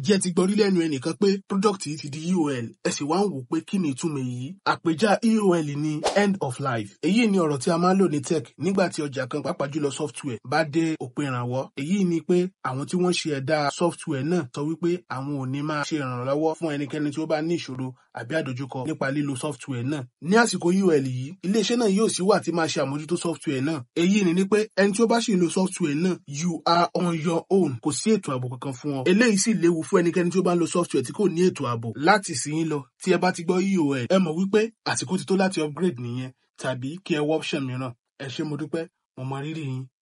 ǹjẹ́ ti gbọ́ rí lẹ́nu ẹnìkan pé product yìí ti di EOL ẹ sì wá ń wò pé kí ni ìtumọ̀ èyí àpèjá EOL ni end of life èyí ni ọ̀rọ̀ tí a máa ń lò ní tech nígbà tí ọjà kan pàápàá jùlọ software bá dé òpin ìrànwọ́ èyí ni pé àwọn tí wọ́n ṣe ẹ̀dá software náà sọ wípé àwọn ò ní máa ṣe ìrànlọ́wọ́ fún ẹnikẹ́ni tí ó bá ní ìṣòro àbí àdójúkọ nípa lílo software náà ní àsìkò EOL yìí iléeṣẹ́ náà yóò sì wà tí máa ṣe àmójútó software náà èyí ni ni pé ẹni tí ó bá ṣì ń lo software náà you are on your own kò sí ètò ààbò kankan fún ọ eléyìí sì léwu fún ẹnikẹ́ni tí ó bá ń lo software tí kò ní ètò ààbò láti sìn lọ tí ẹ bá ti gbọ́ eos ẹ mọ̀ wípé àsìkò ti tó láti upgrade nìyẹn tàbí kí ẹ wọ option mìíràn ẹ ṣé mo dúpẹ́ mo mọ rírì yín.